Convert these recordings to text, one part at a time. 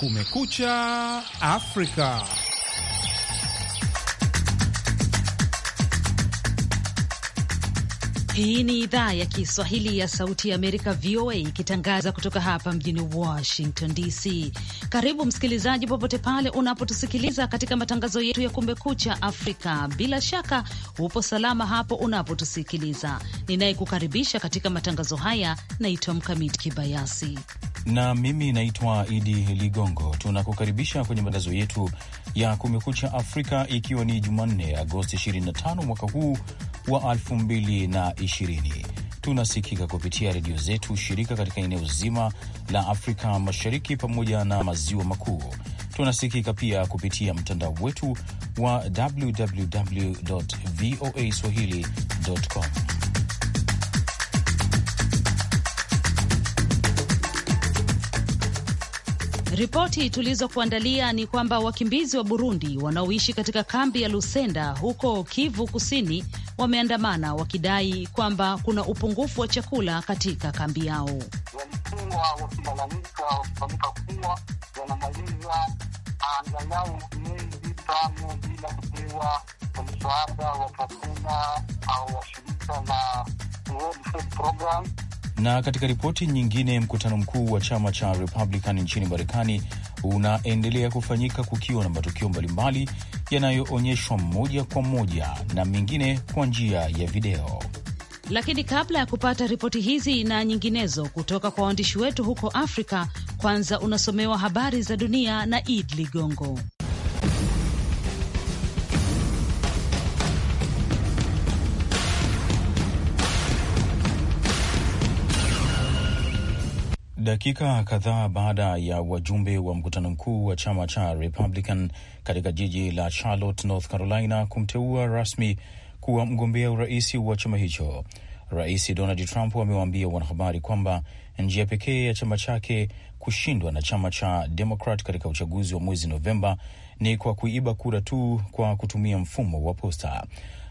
Kumekucha Afrika. Hii ni idhaa ya Kiswahili ya Sauti ya Amerika, VOA, ikitangaza kutoka hapa mjini Washington DC. Karibu msikilizaji, popote pale unapotusikiliza katika matangazo yetu ya Kumekucha Afrika. Bila shaka upo salama hapo unapotusikiliza. Ninayekukaribisha katika matangazo haya naitwa Mkamiti Kibayasi na mimi naitwa Idi Ligongo. Tunakukaribisha kwenye matangazo yetu ya Kumekucha Afrika, ikiwa ni Jumanne, Agosti 25 mwaka huu wa 2020. Tunasikika kupitia redio zetu shirika katika eneo zima la Afrika Mashariki pamoja na Maziwa Makuu. Tunasikika pia kupitia mtandao wetu wa www voa swahili.com. Ripoti tulizokuandalia ni kwamba wakimbizi wa Burundi wanaoishi katika kambi ya Lusenda huko Kivu Kusini wameandamana wakidai kwamba kuna upungufu wa chakula katika kambi yao. Na katika ripoti nyingine, mkutano mkuu wa chama cha Republican nchini Marekani unaendelea kufanyika kukiwa na matukio mbalimbali yanayoonyeshwa moja kwa moja na mengine kwa njia ya video. Lakini kabla ya kupata ripoti hizi na nyinginezo kutoka kwa waandishi wetu huko Afrika, kwanza unasomewa habari za dunia na Id Ligongo. Dakika kadhaa baada ya wajumbe wa mkutano mkuu wa chama cha Republican katika jiji la Charlotte, North Carolina kumteua rasmi kuwa mgombea urais wa chama hicho, Rais Donald Trump amewaambia wanahabari kwamba njia pekee ya chama chake kushindwa na chama cha Democrat katika uchaguzi wa mwezi Novemba ni kwa kuiba kura tu kwa kutumia mfumo wa posta.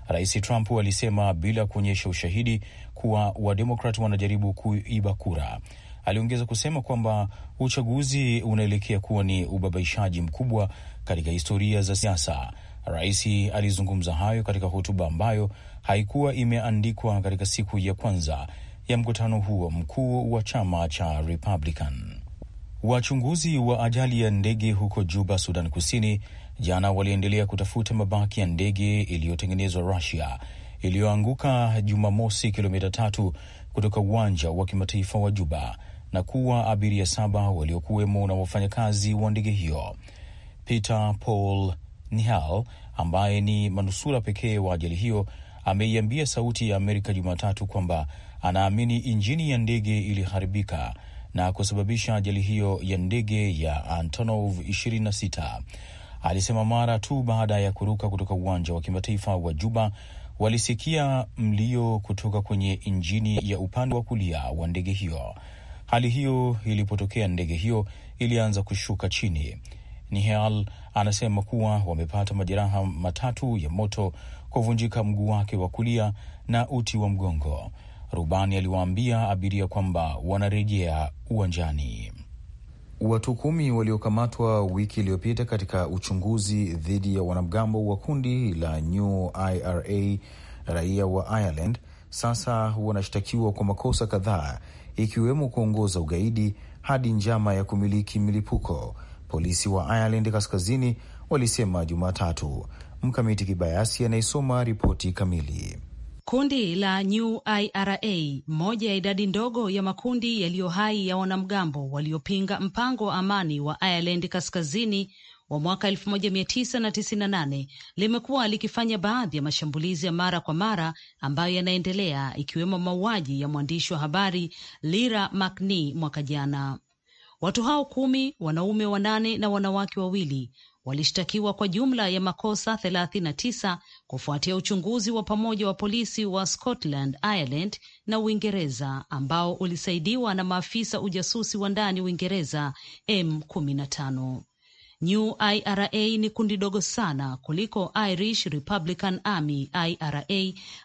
Rais Trump alisema bila kuonyesha ushahidi kuwa Wademokrat wanajaribu kuiba kura. Aliongeza kusema kwamba uchaguzi unaelekea kuwa ni ubabaishaji mkubwa katika historia za siasa. Rais alizungumza hayo katika hotuba ambayo haikuwa imeandikwa katika siku ya kwanza ya mkutano huo mkuu wa chama cha Republican. Wachunguzi wa ajali ya ndege huko Juba, Sudan Kusini, jana waliendelea kutafuta mabaki ya ndege iliyotengenezwa rusia iliyoanguka Jumamosi, kilomita tatu kutoka uwanja wa kimataifa wa Juba na kuwa abiria saba waliokuwemo na wafanyakazi wa ndege hiyo. Peter Paul Nihal ambaye ni manusura pekee wa ajali hiyo ameiambia Sauti ya Amerika Jumatatu kwamba anaamini injini ya ndege iliharibika na kusababisha ajali hiyo ya ndege ya Antonov 26. Alisema mara tu baada ya kuruka kutoka uwanja wa kimataifa wa Juba walisikia mlio kutoka kwenye injini ya upande wa kulia wa ndege hiyo. Hali hiyo ilipotokea, ndege hiyo ilianza kushuka chini. Nihal anasema kuwa wamepata majeraha matatu ya moto, kuvunjika mguu wake wa kulia na uti wa mgongo. Rubani aliwaambia abiria kwamba wanarejea uwanjani. Watu kumi waliokamatwa wiki iliyopita katika uchunguzi dhidi ya wanamgambo wa kundi la New IRA raia wa Ireland sasa wanashtakiwa kwa makosa kadhaa ikiwemo kuongoza ugaidi hadi njama ya kumiliki milipuko, polisi wa Ireland kaskazini walisema Jumatatu. Mkamiti Kibayasi anayesoma ripoti kamili. Kundi la New IRA, moja ya idadi ndogo ya makundi yaliyo hai ya wanamgambo waliopinga mpango wa amani wa Ireland kaskazini wa mwaka 1998 limekuwa likifanya baadhi ya mashambulizi ya mara kwa mara ambayo yanaendelea, ikiwemo mauaji ya mwandishi wa habari Lira Makni mwaka jana. Watu hao kumi, wanaume wanane na wanawake wawili walishtakiwa kwa jumla ya makosa 39 kufuatia uchunguzi wa pamoja wa polisi wa Scotland, Ireland na Uingereza ambao ulisaidiwa na maafisa ujasusi wa ndani Uingereza M15. NUIRA ni kundi dogo sana kuliko Irish Republican Army IRA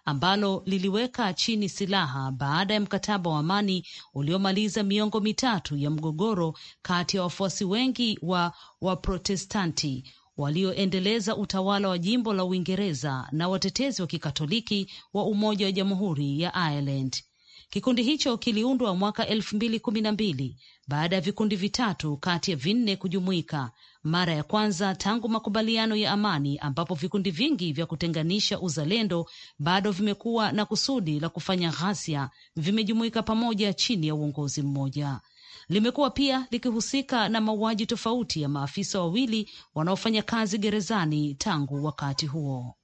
ambalo liliweka chini silaha baada ya mkataba wa amani uliomaliza miongo mitatu ya mgogoro kati ya wafuasi wengi wa Waprotestanti walioendeleza utawala wa jimbo la Uingereza na watetezi wa Kikatoliki wa Umoja wa Jamhuri ya Ireland. Kikundi hicho kiliundwa mwaka elfu mbili kumi na mbili baada ya vikundi vitatu kati ya vinne kujumuika mara ya kwanza tangu makubaliano ya amani, ambapo vikundi vingi vya kutenganisha uzalendo bado vimekuwa na kusudi la kufanya ghasia vimejumuika pamoja chini ya uongozi mmoja. Limekuwa pia likihusika na mauaji tofauti ya maafisa wawili wanaofanya kazi gerezani tangu wakati huo.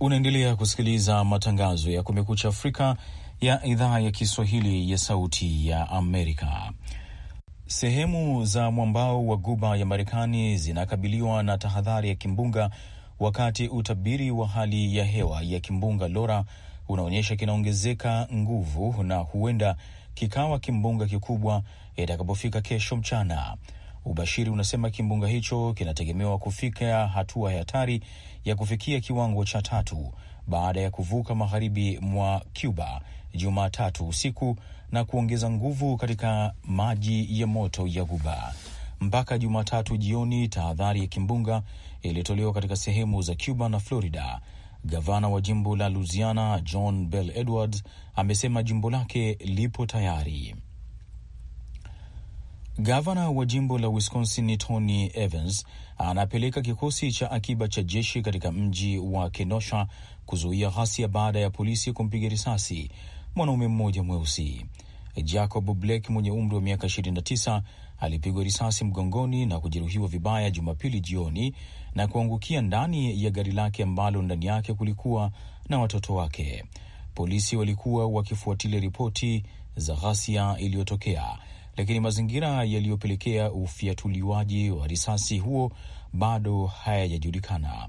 Unaendelea kusikiliza matangazo ya Kumekucha Afrika ya idhaa ya Kiswahili ya Sauti ya Amerika. Sehemu za mwambao wa Guba ya Marekani zinakabiliwa na tahadhari ya kimbunga, wakati utabiri wa hali ya hewa ya kimbunga Laura unaonyesha kinaongezeka nguvu na huenda kikawa kimbunga kikubwa itakapofika kesho mchana. Ubashiri unasema kimbunga hicho kinategemewa kufika hatua ya hatari ya kufikia kiwango cha tatu baada ya kuvuka magharibi mwa Cuba Jumatatu usiku na kuongeza nguvu katika maji ya moto ya guba Mpaka Jumatatu jioni, tahadhari ya kimbunga ilitolewa katika sehemu za Cuba na Florida. Gavana wa jimbo la Louisiana John Bell Edwards amesema jimbo lake lipo tayari. Gavana wa jimbo la Wisconsin Tony Evans anapeleka kikosi cha akiba cha jeshi katika mji wa Kenosha kuzuia ghasia baada ya polisi kumpiga risasi mwanaume mmoja mweusi. Jacob Blake mwenye umri wa miaka 29 alipigwa risasi mgongoni na kujeruhiwa vibaya Jumapili jioni na kuangukia ndani ya gari lake ambalo ndani yake kulikuwa na watoto wake. Polisi walikuwa wakifuatilia ripoti za ghasia iliyotokea, lakini mazingira yaliyopelekea ufyatuliwaji wa risasi huo bado hayajajulikana.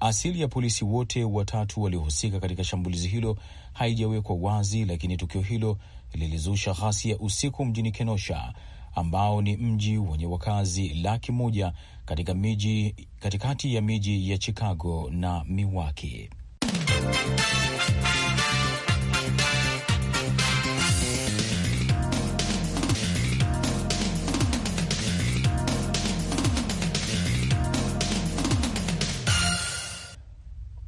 Asili ya polisi wote watatu waliohusika katika shambulizi hilo haijawekwa wazi, lakini tukio hilo lilizusha ghasia usiku mjini Kenosha ambao ni mji wenye wakazi laki moja katika miji katikati ya miji ya Chicago na Milwaukee.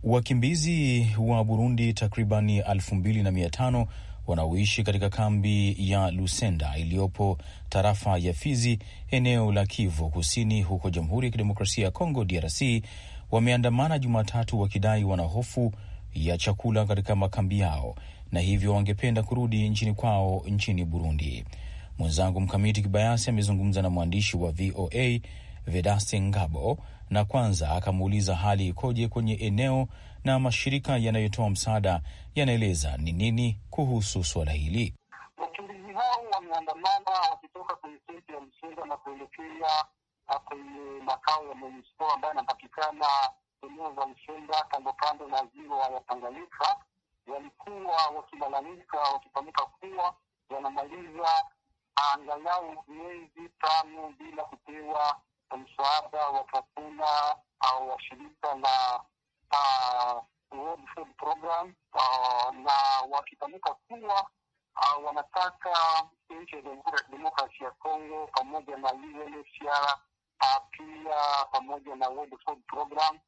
Wakimbizi wa Burundi takribani elfu mbili na mia tano wanaoishi katika kambi ya Lusenda iliyopo tarafa ya Fizi, eneo la Kivu Kusini, huko Jamhuri ya Kidemokrasia ya Kongo, DRC, wameandamana Jumatatu wakidai wana hofu ya chakula katika makambi yao na hivyo wangependa kurudi nchini kwao nchini Burundi. Mwenzangu Mkamiti Kibayasi amezungumza na mwandishi wa VOA Vedaste Ngabo na kwanza akamuuliza hali ikoje kwenye eneo, na mashirika yanayotoa msaada yanaeleza ni nini kuhusu suala hili. Wakimbizi hao wameandamana wakitoka kwenye senti ya Msenga na kuelekea ah, kwenye makao ya MONUSCO ambayo yanapatikana eneo za Msenga, kando kando na ziwa ya Tanganyika. Walikuwa wakilalamika wakifanyika kuwa wanamaliza ah, angalau miezi tano bila kupewa msaada wa chakula au wa shirika la World Food Program, ah, na wakitamka kuwa ah, wanataka nchi ya Jamhuri ya Kidemokrasia ya Kongo pamoja na UNHCR ah, pia pamoja na World Food Program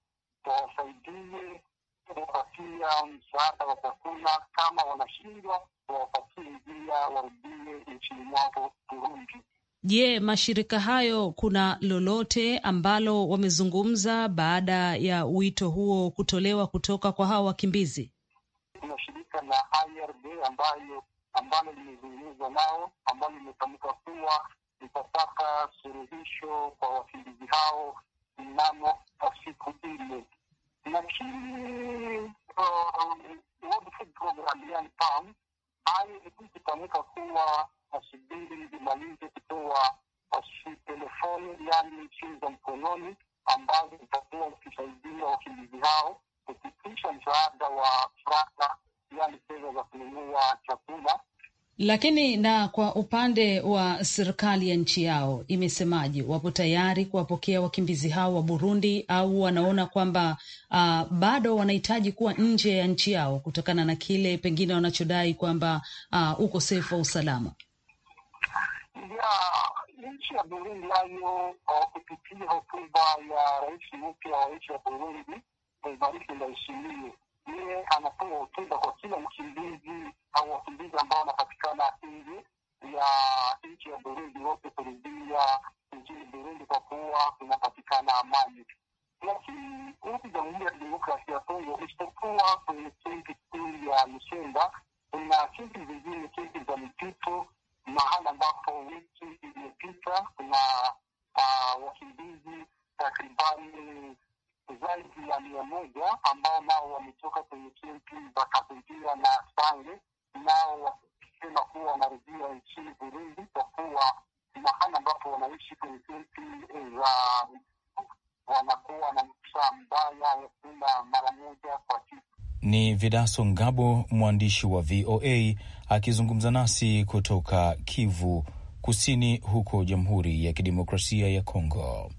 wawasaidie kuwapatia msaada wa chakula, kama wanashindwa wawapatie njia warudie nchini mwapo Burundi. Je, mashirika hayo kuna lolote ambalo wamezungumza baada ya wito huo kutolewa kutoka kwa hawa wakimbizi? Kuna shirika la IRD ambayo ambalo limezungumza nao ambalo limetamka kuwa litataka suluhisho kwa wakimbizi hao mnamo kwa siku ile, lakini uh, World Food Programme, yani PAM, hayo ikitamka kuwa nasubiri zimalize kutoa telefoni, yani simu za mkononi ambazo zitakuwa zikisaidia wakimbizi hao kupitisha msaada wa franga, yani pesa za kununua chakula lakini na kwa upande wa serikali ya nchi yao imesemaje? Wapo tayari kuwapokea wakimbizi hao wa Burundi au wanaona kwamba uh, bado wanahitaji kuwa nje ya nchi yao kutokana na kile pengine wanachodai kwamba uh, ukosefu wa usalama? ya nchi ya Burundi nayo kupitia hotuba ya rais mpya wa nchi ya Burundi Evariste Ndayishimiye, yeye anatoa hotuba kwa kila mkimbizi au wakimbizi ambao wanapatikana nje ya nchi ya Burundi Didaso Ngabo, mwandishi wa VOA akizungumza nasi kutoka Kivu Kusini, huko Jamhuri ya Kidemokrasia ya Kongo.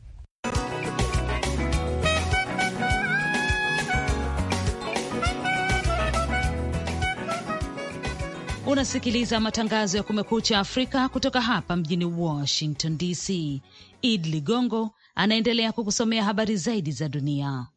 Unasikiliza matangazo ya Kumekucha Afrika kutoka hapa mjini Washington DC. Id Ligongo anaendelea kukusomea habari zaidi za dunia.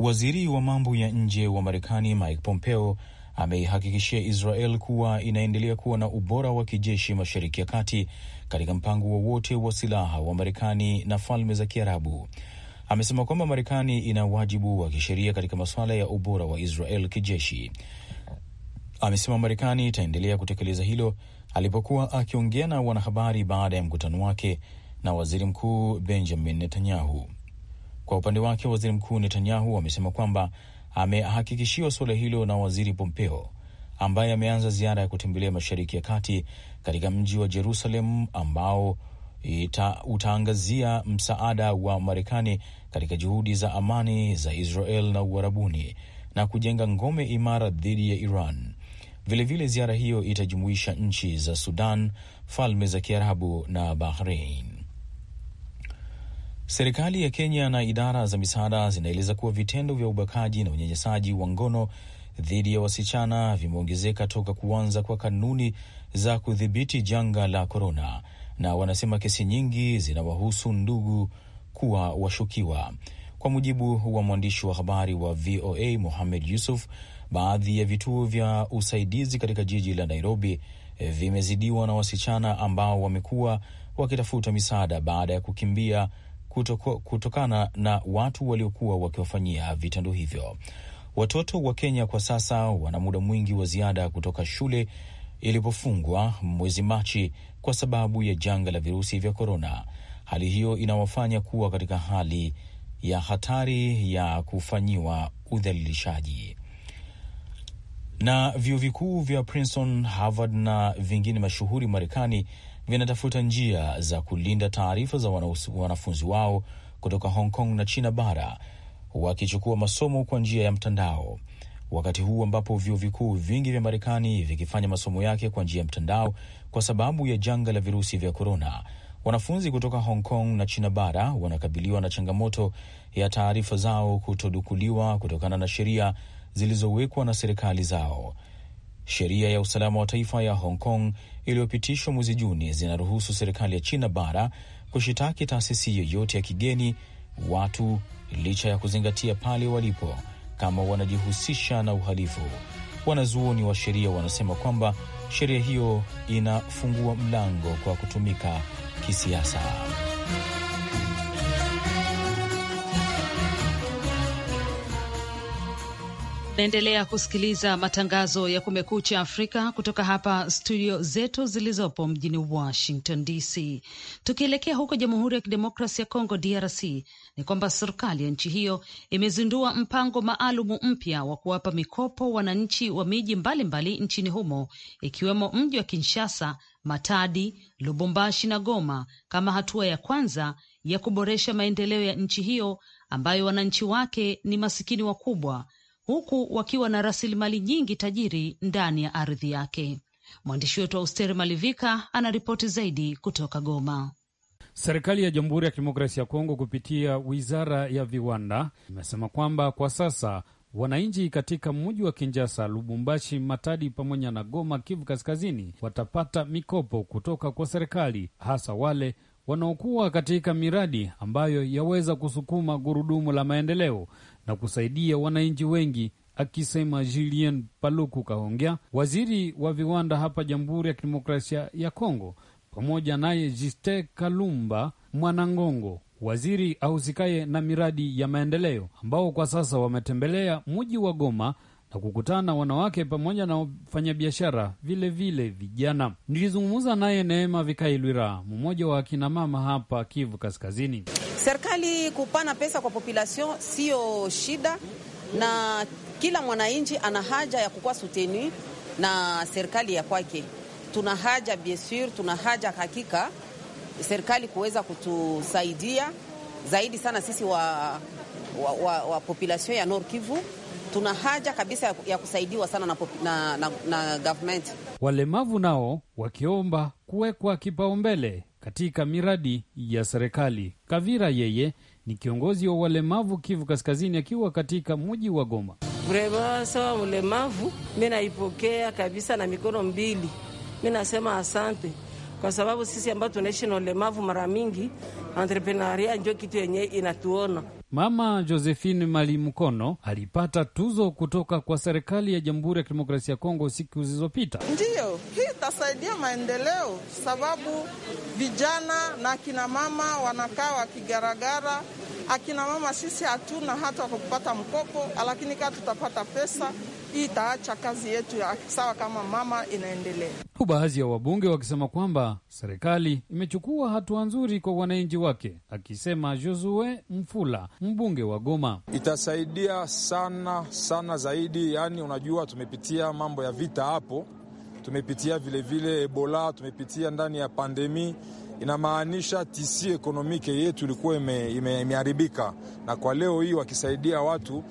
Waziri wa mambo ya nje wa Marekani Mike Pompeo ameihakikishia Israel kuwa inaendelea kuwa na ubora wa kijeshi Mashariki ya Kati katika mpango wowote wa, wa silaha wa Marekani na Falme za Kiarabu. Amesema kwamba Marekani ina wajibu wa kisheria katika masuala ya ubora wa Israel kijeshi. Amesema Marekani itaendelea kutekeleza hilo alipokuwa akiongea na wanahabari baada ya mkutano wake na Waziri Mkuu Benjamin Netanyahu. Kwa upande wake, waziri mkuu Netanyahu amesema kwamba amehakikishiwa suala hilo na waziri Pompeo ambaye ameanza ziara ya kutembelea Mashariki ya Kati katika mji wa Jerusalem ambao ita, utaangazia msaada wa Marekani katika juhudi za amani za Israel na Uarabuni na kujenga ngome imara dhidi ya Iran. Vilevile vile ziara hiyo itajumuisha nchi za Sudan, Falme za Kiarabu na bahrein Serikali ya Kenya na idara za misaada zinaeleza kuwa vitendo vya ubakaji na unyanyasaji wa ngono dhidi ya wasichana vimeongezeka toka kuanza kwa kanuni za kudhibiti janga la korona, na wanasema kesi nyingi zinawahusu ndugu kuwa washukiwa. Kwa mujibu wa mwandishi wa habari wa VOA muhamed Yusuf, baadhi ya vituo vya usaidizi katika jiji la Nairobi eh, vimezidiwa na wasichana ambao wamekuwa wakitafuta misaada baada ya kukimbia kutoko, kutokana na watu waliokuwa wakiwafanyia vitendo hivyo. Watoto wa Kenya kwa sasa wana muda mwingi wa ziada kutoka shule ilipofungwa mwezi Machi kwa sababu ya janga la virusi vya korona. Hali hiyo inawafanya kuwa katika hali ya hatari ya kufanyiwa udhalilishaji. Na vyuo vikuu vya Princeton, Harvard na vingine mashuhuri Marekani vinatafuta njia za kulinda taarifa za wanafunzi wao kutoka Hong Kong na China bara wakichukua masomo kwa njia ya mtandao. Wakati huu ambapo vyuo vikuu vingi vya Marekani vikifanya masomo yake kwa njia ya mtandao kwa sababu ya janga la virusi vya korona, wanafunzi kutoka Hong Kong na China bara wanakabiliwa na changamoto ya taarifa zao kutodukuliwa kutokana na sheria zilizowekwa na serikali zao. Sheria ya usalama wa taifa ya Hong Kong iliyopitishwa mwezi Juni zinaruhusu serikali ya China bara kushitaki taasisi yoyote ya kigeni watu licha ya kuzingatia pale walipo kama wanajihusisha na uhalifu. Wanazuoni wa sheria wanasema kwamba sheria hiyo inafungua mlango kwa kutumika kisiasa. Naendelea kusikiliza matangazo ya Kumekucha Afrika kutoka hapa studio zetu zilizopo mjini Washington DC. Tukielekea huko Jamhuri ya Kidemokrasi ya Kongo, DRC, ni kwamba serikali ya nchi hiyo imezindua mpango maalumu mpya wa kuwapa mikopo wananchi wa miji mbalimbali nchini humo ikiwemo mji wa Kinshasa, Matadi, Lubumbashi na Goma kama hatua ya kwanza ya kuboresha maendeleo ya nchi hiyo ambayo wananchi wake ni masikini wakubwa huku wakiwa na rasilimali nyingi tajiri ndani ya ardhi yake. Mwandishi wetu wa Usteri Malivika anaripoti zaidi kutoka Goma. Serikali ya Jamhuri ya Kidemokrasia ya Kongo kupitia wizara ya viwanda imesema kwamba kwa sasa wananchi katika mji wa kinjasa Lubumbashi, Matadi pamoja na Goma, Kivu Kaskazini, watapata mikopo kutoka kwa serikali, hasa wale wanaokuwa katika miradi ambayo yaweza kusukuma gurudumu la maendeleo na kusaidia wananchi wengi, akisema Julien Paluku Kahongya, waziri wa viwanda hapa Jamhuri ya Kidemokrasia ya Kongo, pamoja naye Juste Kalumba Mwanangongo, waziri ahusikaye na miradi ya maendeleo, ambao kwa sasa wametembelea mji wa Goma na kukutana na wanawake pamoja na wafanyabiashara vilevile vijana. Nilizungumza naye Neema Vikailwira, mmoja wa akinamama hapa Kivu Kaskazini. Serikali kupana pesa kwa populasion siyo shida, na kila mwananchi ana haja ya kukuwa sutenu na serikali ya kwake. Tuna haja bien sur, tuna haja hakika serikali kuweza kutusaidia zaidi sana sisi wa, wa, wa, wa populasion ya Nord Kivu tuna haja kabisa ya kusaidiwa sana na, na, na, na government. Walemavu nao wakiomba kuwekwa kipaumbele katika miradi ya serikali. Kavira yeye ni kiongozi wa walemavu Kivu Kaskazini, akiwa katika mji wa Goma. Sawa, ulemavu mi naipokea kabisa na mikono mbili. Mi nasema asante, kwa sababu sisi ambao tunaishi na ulemavu mara mingi entrepreneuria njo kitu yenye inatuona Mama Josephine Malimkono alipata tuzo kutoka kwa serikali ya Jamhuri ya Kidemokrasia ya Kongo siku zilizopita. Ndiyo, hii itasaidia maendeleo, sababu vijana na akinamama wanakaa wakigaragara. Akinamama sisi hatuna hata kupata mkopo, lakini kaa tutapata pesa hii itaacha kazi yetu ya sawa kama mama inaendelea. Baadhi ya wabunge wakisema kwamba serikali imechukua hatua nzuri kwa wananchi wake, akisema Josue Mfula, mbunge wa Goma. Itasaidia sana sana zaidi, yaani unajua tumepitia mambo ya vita hapo, tumepitia vilevile vile Ebola, tumepitia ndani ya pandemi inamaanisha tisi ekonomike yetu ilikuwa imeharibika ime, na kwa leo hii wakisaidia watu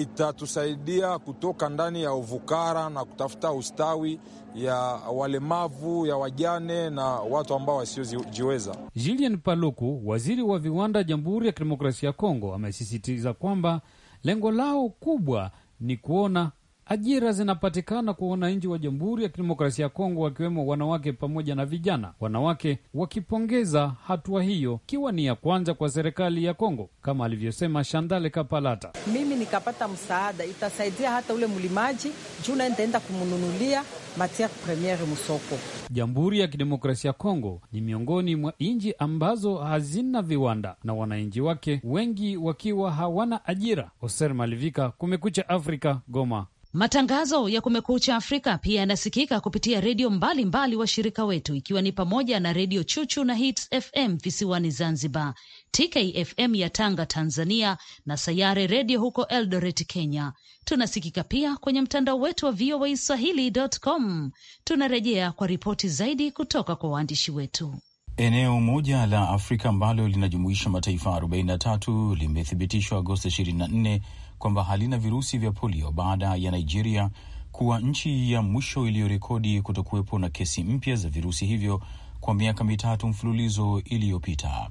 itatusaidia kutoka ndani ya uvukara na kutafuta ustawi ya walemavu ya wajane na watu ambao wasiojiweza. Julien Paluku, waziri wa viwanda, Jamhuri ya Kidemokrasia ya Kongo, amesisitiza kwamba lengo lao kubwa ni kuona Ajira zinapatikana kwa wananchi wa Jamhuri ya Kidemokrasia ya Kongo, wakiwemo wanawake pamoja na vijana, wanawake wakipongeza hatua hiyo, ikiwa ni ya kwanza kwa serikali ya Kongo, kama alivyosema Shandale Kapalata. Mimi nikapata msaada, itasaidia hata ule mlimaji juu naendaenda kumnunulia matiere premiere msoko. Jamhuri ya Kidemokrasia ya Kongo ni miongoni mwa nchi ambazo hazina viwanda na wananchi wake wengi wakiwa hawana ajira. Hoser Malivika, Kumekucha Afrika, Goma. Matangazo ya Kumekucha Afrika pia yanasikika kupitia redio mbalimbali washirika wetu, ikiwa ni pamoja na redio Chuchu na Hits FM visiwani Zanzibar, TKFM ya Tanga Tanzania, na Sayare redio huko Eldoret Kenya. Tunasikika pia kwenye mtandao wetu wa VOA Swahili.com. Tunarejea kwa ripoti zaidi kutoka kwa waandishi wetu. Eneo moja la Afrika ambalo linajumuisha mataifa 43 limethibitishwa Agosti 24 kwamba halina virusi vya polio baada ya Nigeria kuwa nchi ya mwisho iliyorekodi kutokuwepo na kesi mpya za virusi hivyo kwa miaka mitatu mfululizo iliyopita.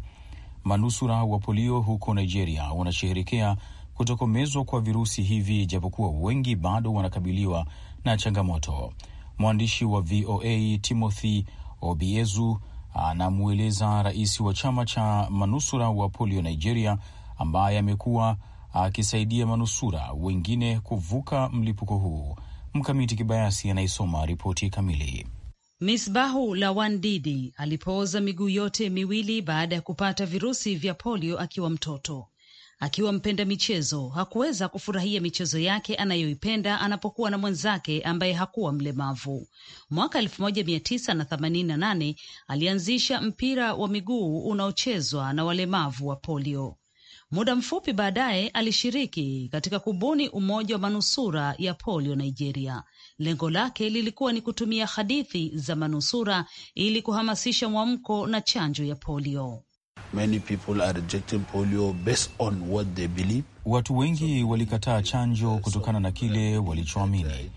Manusura wa polio huko Nigeria wanasheherekea kutokomezwa kwa virusi hivi, japokuwa wengi bado wanakabiliwa na changamoto. Mwandishi wa VOA Timothy Obiezu anamweleza rais wa chama cha manusura wa polio Nigeria ambaye amekuwa akisaidia manusura wengine kuvuka mlipuko huu. Mkamiti Kibayasi anaisoma ripoti kamili. Misbahu Lawan Didi alipooza miguu yote miwili baada ya kupata virusi vya polio akiwa mtoto. Akiwa mpenda michezo, hakuweza kufurahia michezo yake anayoipenda anapokuwa na mwenzake ambaye hakuwa mlemavu. Mwaka 1988 alianzisha mpira wa miguu unaochezwa na walemavu wa polio. Muda mfupi baadaye alishiriki katika kubuni umoja wa manusura ya polio Nigeria. Lengo lake lilikuwa ni kutumia hadithi za manusura ili kuhamasisha mwamko na chanjo ya polio. Many people are rejecting polio based on what they believe. Watu wengi walikataa chanjo kutokana na kile walichoamini.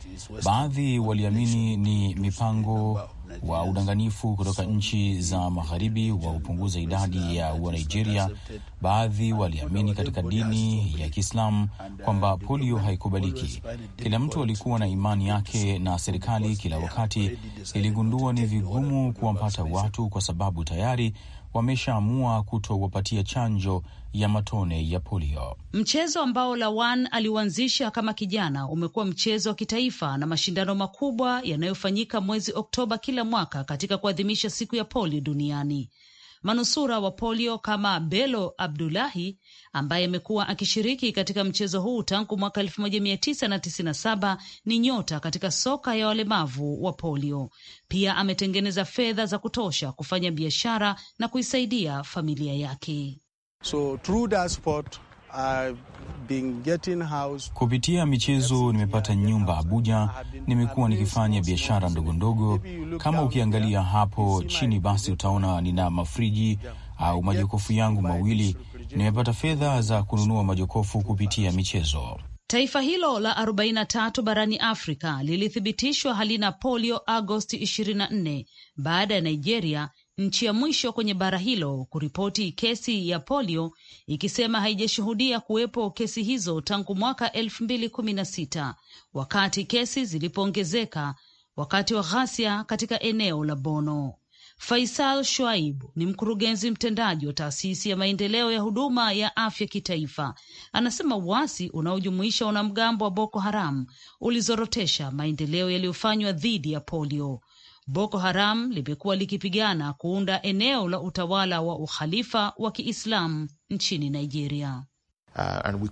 Baadhi waliamini ni mipango wa udanganyifu kutoka nchi za magharibi wa kupunguza idadi ya Wanigeria. Baadhi waliamini katika dini ya Kiislamu kwamba polio haikubaliki. Kila mtu alikuwa na imani yake, na serikali kila wakati iligundua ni vigumu kuwapata watu kwa sababu tayari wameshaamua kutowapatia chanjo ya matone ya polio. Mchezo ambao Lawan aliuanzisha kama kijana umekuwa mchezo wa kitaifa na mashindano makubwa yanayofanyika mwezi Oktoba kila mwaka katika kuadhimisha siku ya polio duniani manusura wa polio kama belo Abdullahi ambaye amekuwa akishiriki katika mchezo huu tangu mwaka 1997 ni nyota katika soka ya walemavu wa polio. Pia ametengeneza fedha za kutosha kufanya biashara na kuisaidia familia yake. So, through that sport Kupitia michezo nimepata nyumba Abuja, nimekuwa nikifanya biashara ndogo ndogo. Kama ukiangalia hapo chini, basi utaona nina mafriji au majokofu yangu mawili. Nimepata fedha za kununua majokofu kupitia michezo. Taifa hilo la 43 barani Afrika lilithibitishwa halina polio Agosti 24 baada ya Nigeria nchi ya mwisho kwenye bara hilo kuripoti kesi ya polio, ikisema haijashuhudia kuwepo kesi hizo tangu mwaka elfu mbili kumi na sita wakati kesi zilipoongezeka wakati wa ghasia katika eneo la Bono. Faisal Shuaib ni mkurugenzi mtendaji wa taasisi ya maendeleo ya huduma ya afya kitaifa. Anasema uasi unaojumuisha wanamgambo wa Boko Haram ulizorotesha maendeleo yaliyofanywa dhidi ya polio. Boko Haram limekuwa likipigana kuunda eneo la utawala wa ukhalifa wa Kiislamu nchini Nigeria. Uh,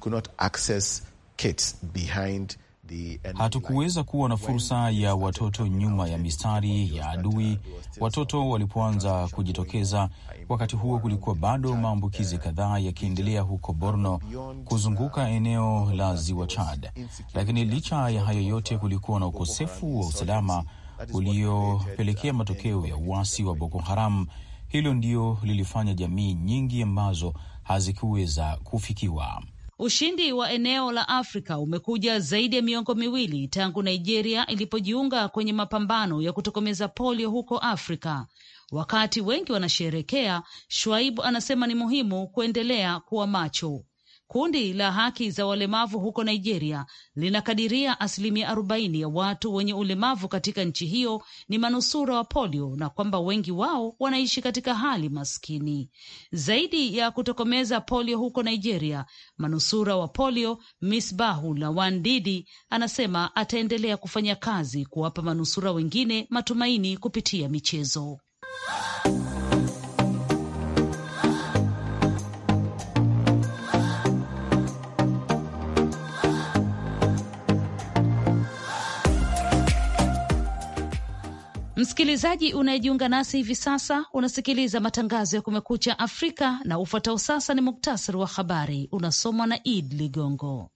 Hatukuweza kuwa na fursa ya watoto nyuma ya mistari ya adui. Uh, watoto walipoanza kujitokeza, wakati huo kulikuwa bado maambukizi uh, kadhaa yakiendelea huko Borno kuzunguka eneo la Ziwa Chad, lakini licha ya hayo yote kulikuwa na ukosefu wa usalama uliopelekea uh, matokeo ya uasi wa Boko Haram. Hilo ndio lilifanya jamii nyingi ambazo hazikuweza kufikiwa. Ushindi wa eneo la Afrika umekuja zaidi ya miongo miwili tangu Nigeria ilipojiunga kwenye mapambano ya kutokomeza polio huko Afrika. Wakati wengi wanasherekea, Shwaibu anasema ni muhimu kuendelea kuwa macho. Kundi la haki za walemavu huko Nigeria linakadiria asilimia arobaini ya watu wenye ulemavu katika nchi hiyo ni manusura wa polio na kwamba wengi wao wanaishi katika hali maskini. Zaidi ya kutokomeza polio huko Nigeria, manusura wa polio Misbahu Lawan Didi anasema ataendelea kufanya kazi kuwapa manusura wengine matumaini kupitia michezo. Msikilizaji unayejiunga nasi hivi sasa, unasikiliza matangazo ya Kumekucha Afrika na ufuatao sasa ni muktasari wa habari unasomwa na Id Ligongo.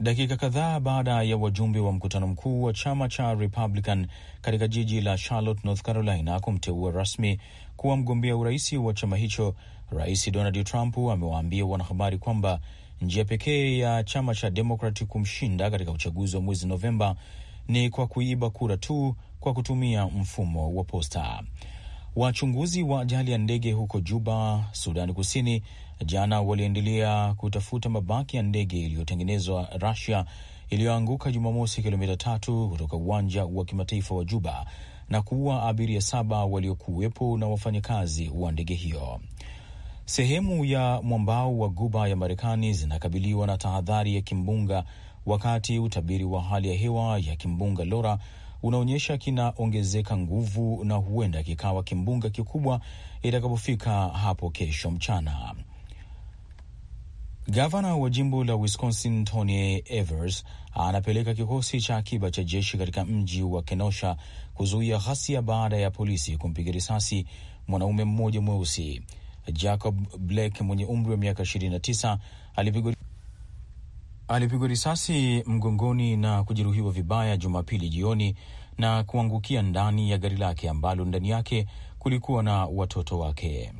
Dakika kadhaa baada ya wajumbe wa mkutano mkuu wa chama cha Republican katika jiji la Charlotte, North Carolina, kumteua rasmi kuwa mgombea urais wa chama hicho, Rais Donald Trump amewaambia wanahabari kwamba Njia pekee ya chama cha Demokrat kumshinda katika uchaguzi wa mwezi Novemba ni kwa kuiba kura tu kwa kutumia mfumo wa posta. Wachunguzi wa ajali ya ndege huko Juba, Sudani Kusini, jana waliendelea kutafuta mabaki ya ndege iliyotengenezwa rasia iliyoanguka Jumamosi, kilomita tatu kutoka uwanja wa kimataifa wa Juba na kuua abiria saba waliokuwepo na wafanyakazi wa ndege hiyo. Sehemu ya mwambao wa Guba ya Marekani zinakabiliwa na tahadhari ya kimbunga, wakati utabiri wa hali ya hewa ya kimbunga Laura unaonyesha kinaongezeka nguvu na huenda kikawa kimbunga kikubwa itakapofika hapo kesho mchana. Gavana wa jimbo la Wisconsin Tony Evers anapeleka kikosi cha akiba cha jeshi katika mji wa Kenosha kuzuia ghasia baada ya polisi kumpiga risasi mwanaume mmoja mweusi. Jacob Blake mwenye umri wa miaka 29 alipigwa alipigwa risasi mgongoni na kujeruhiwa vibaya Jumapili jioni na kuangukia ndani ya gari lake ambalo ndani yake kulikuwa na watoto wake.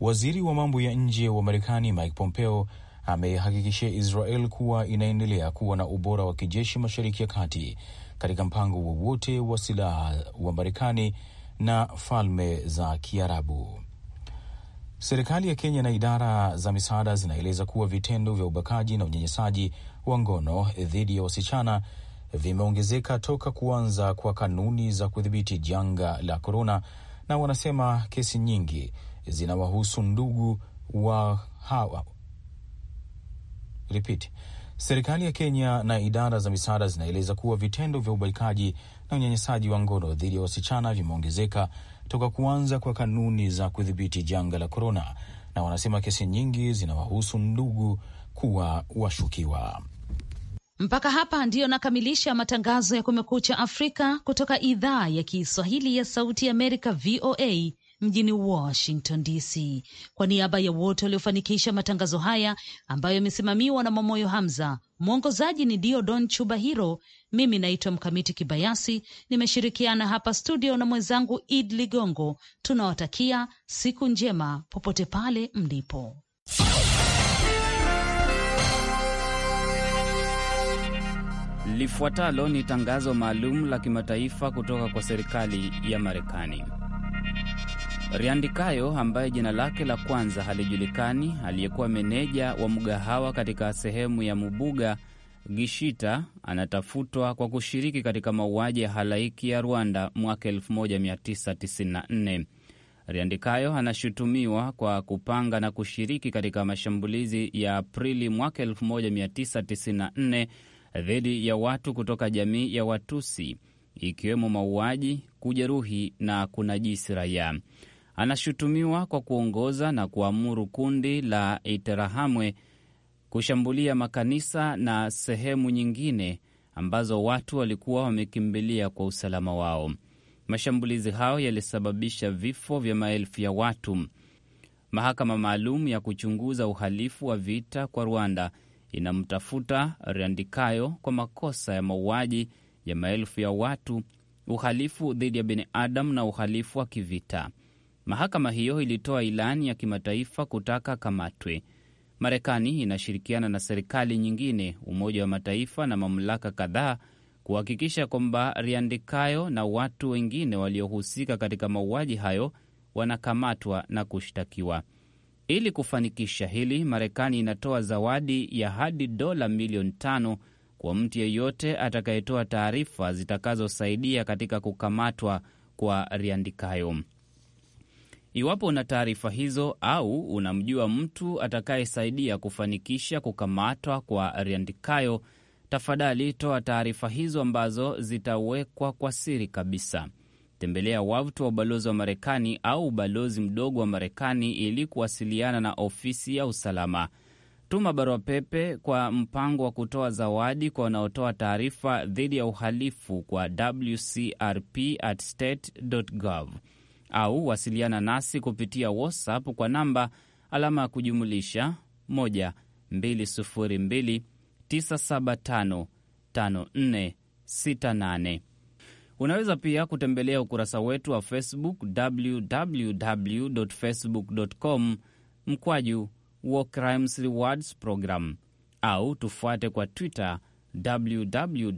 Waziri wa mambo ya nje wa Marekani Mike Pompeo amehakikishia Israel kuwa inaendelea kuwa na ubora wa kijeshi Mashariki ya Kati katika mpango wowote wa silaha wa Marekani na Falme za Kiarabu. Serikali ya Kenya na idara za misaada zinaeleza kuwa vitendo vya ubakaji na unyanyasaji wa ngono dhidi ya wasichana vimeongezeka toka kuanza kwa kanuni za kudhibiti janga la korona, na wanasema kesi nyingi zinawahusu ndugu wa hawa. Repeat. Serikali ya Kenya na idara za misaada zinaeleza kuwa vitendo vya ubakaji na unyanyasaji wa ngono dhidi ya wasichana vimeongezeka toka kuanza kwa kanuni za kudhibiti janga la korona, na wanasema kesi nyingi zinawahusu ndugu kuwa washukiwa. Mpaka hapa ndiyo nakamilisha matangazo ya Kumekucha Afrika kutoka idhaa ya Kiswahili ya Sauti Amerika, VOA mjini Washington DC. Kwa niaba ya wote waliofanikisha matangazo haya ambayo yamesimamiwa na Mamoyo Hamza, Mwongozaji ni Diodon Chuba Hiro. Mimi naitwa Mkamiti Kibayasi, nimeshirikiana hapa studio na mwenzangu Id Ligongo. Tunawatakia siku njema popote pale mlipo. Lifuatalo ni tangazo maalum la kimataifa kutoka kwa serikali ya Marekani. Riandikayo ambaye jina lake la kwanza halijulikani, aliyekuwa meneja wa mgahawa katika sehemu ya Mubuga Gishita, anatafutwa kwa kushiriki katika mauaji ya halaiki ya Rwanda mwaka 1994. Riandikayo anashutumiwa kwa kupanga na kushiriki katika mashambulizi ya Aprili mwaka 1994 dhidi ya watu kutoka jamii ya Watusi, ikiwemo mauaji, kujeruhi na kunajisi raia anashutumiwa kwa kuongoza na kuamuru kundi la Interahamwe kushambulia makanisa na sehemu nyingine ambazo watu walikuwa wamekimbilia kwa usalama wao. Mashambulizi hayo yalisababisha vifo vya maelfu ya watu. Mahakama maalum ya kuchunguza uhalifu wa vita kwa Rwanda inamtafuta Randikayo kwa makosa ya mauaji ya maelfu ya watu, uhalifu dhidi ya binadamu na uhalifu wa kivita. Mahakama hiyo ilitoa ilani ya kimataifa kutaka kamatwe. Marekani inashirikiana na serikali nyingine, Umoja wa Mataifa na mamlaka kadhaa kuhakikisha kwamba Riandikayo na watu wengine waliohusika katika mauaji hayo wanakamatwa na kushtakiwa. Ili kufanikisha hili, Marekani inatoa zawadi ya hadi dola milioni tano kwa mtu yeyote atakayetoa taarifa zitakazosaidia katika kukamatwa kwa Riandikayo. Iwapo una taarifa hizo au unamjua mtu atakayesaidia kufanikisha kukamatwa kwa Riandikayo, tafadhali toa taarifa hizo ambazo zitawekwa kwa siri kabisa. Tembelea wavuti wa ubalozi wa Marekani au ubalozi mdogo wa Marekani ili kuwasiliana na ofisi ya usalama. Tuma barua pepe kwa mpango wa kutoa zawadi kwa wanaotoa taarifa dhidi ya uhalifu kwa wcrp at gov au wasiliana nasi kupitia WhatsApp kwa namba alama ya kujumulisha 12029755468. Unaweza pia kutembelea ukurasa wetu wa Facebook www facebook com mkwaju War Crimes Rewards Program, au tufuate kwa Twitter www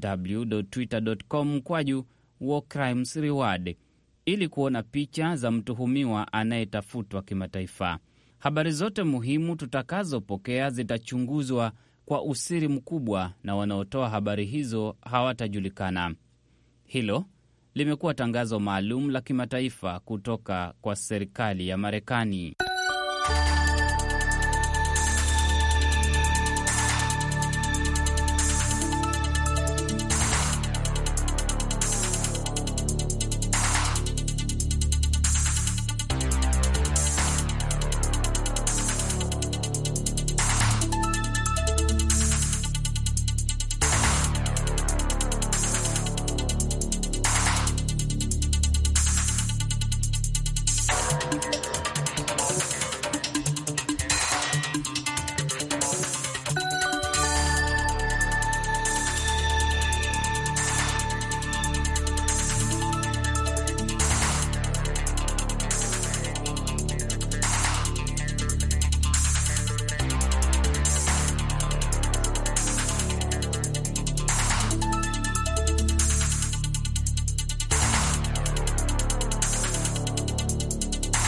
twitter com mkwaju War Crimes Reward ili kuona picha za mtuhumiwa anayetafutwa kimataifa. Habari zote muhimu tutakazopokea zitachunguzwa kwa usiri mkubwa na wanaotoa habari hizo hawatajulikana. Hilo limekuwa tangazo maalum la kimataifa kutoka kwa serikali ya Marekani.